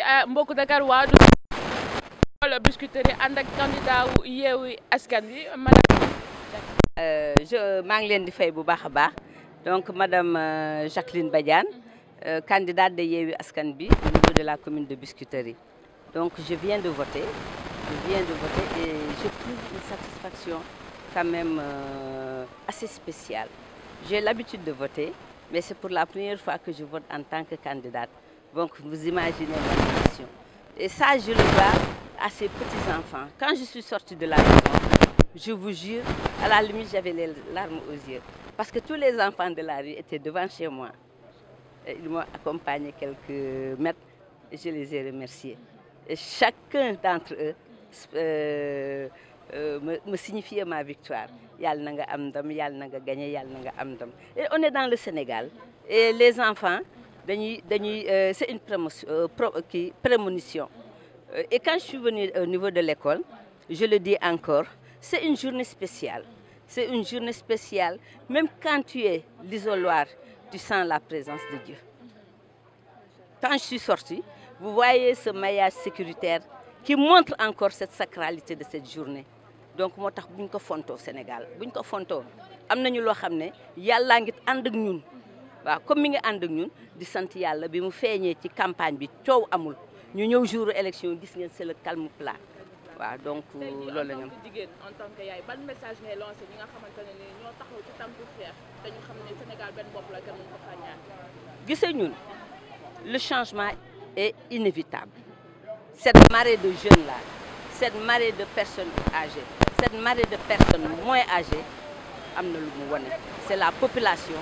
Ah, euh, je donc madame euh, Jacqueline Badian, mhm. euh, candidate de Yewi Askanbi au niveau de la commune de Biscuiterie donc je viens de voter je viens de voter et trouve une satisfaction quand même assez spéciale j'ai l'habitude de voter mais c'est pour la première fois que je vote en tant que candidate donc vous imaginez la situation. Et ça, je le vois à ces petits-enfants. Quand je suis sortie de la maison, je vous jure, à la limite, j'avais les larmes aux yeux. Parce que tous les enfants de la rue étaient devant chez moi. ils m'ont accompagné quelques mètres et je les ai remerciés. Et chacun d'entre eux euh, euh, me, signifiait ma victoire. Yal Nanga amdom, Yal Nanga Gagné, Yal Nanga amdom. » Et on est dans le Sénégal. Et les enfants, euh, c'est une prémonition euh, euh, et quand je suis venue au niveau de l'école je le dis encore c'est une journée spéciale c'est une journée spéciale même quand tu es l'isoloir tu sens la présence de Dieu quand je suis sortie vous voyez ce maillage sécuritaire qui montre encore cette sacralité de cette journée donc moi, suis Sénégal ko waaw comme mi ngi ànd ak ñun di sant yàlla bi mu feeñee ci campagne bi ciow amul ñu ñew jour élection gis ngeen c'est le calme plat waaw donc loolu la ñu en tant que yaay ban message ngay lancé ñi nga xamante ni ñoo taxaw ci tànku xeex te ñu xam ne Sénégal benn bopp la gën ko ñaan. gisee ñun le changement est inévitable cette marée de jeunes là cette marée de personnes âgées cette marée de personnes moins âgées am lu mu wane c'est la population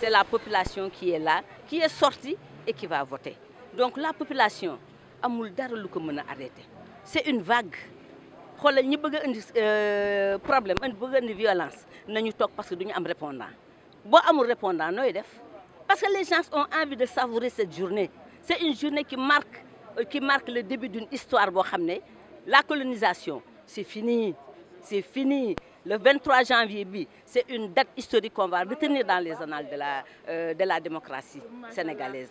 c'est la population qui est là, qui est sortie et qui va voter. Donc la population, c'est une vague Il y a un euh, problème une violence parce que nous am répondant amul parce que les gens ont envie de savourer cette journée c'est une journée qui marque euh, qui marque le début d'une histoire la colonisation c'est fini c'est fini le 23 janvier bi c'est une date historique qu'on va retenir dans les annales de la euh, de la démocratie sénégalaise.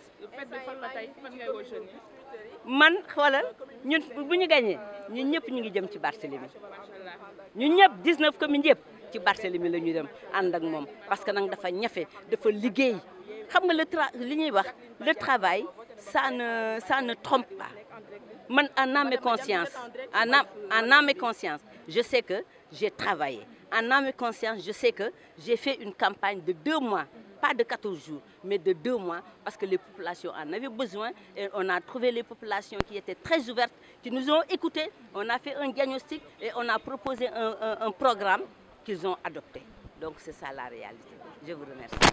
man voilà, ñun bu ñu gagné ñun ñëpp ñu ngi jëm ci Nous, nous, ñëpp 19 communes yëpp ci Barthélemy la ñu dem and ak mom parce que nak dafa ñafé dafa liggéey xam nga le tra wax le travail ça ne ça ne trompe pas man en âme et conscience en âme en âme et conscience je sais que j'ai travaillé. En âme et conscience, je sais que j'ai fait une campagne de deux mois, pas de 14 jours, mais de deux mois, parce que les populations en avaient besoin. Et on a trouvé les populations qui étaient très ouvertes, qui nous ont écoutés. On a fait un diagnostic et on a proposé un programme qu'ils ont adopté. Donc c'est ça la réalité. Je vous remercie.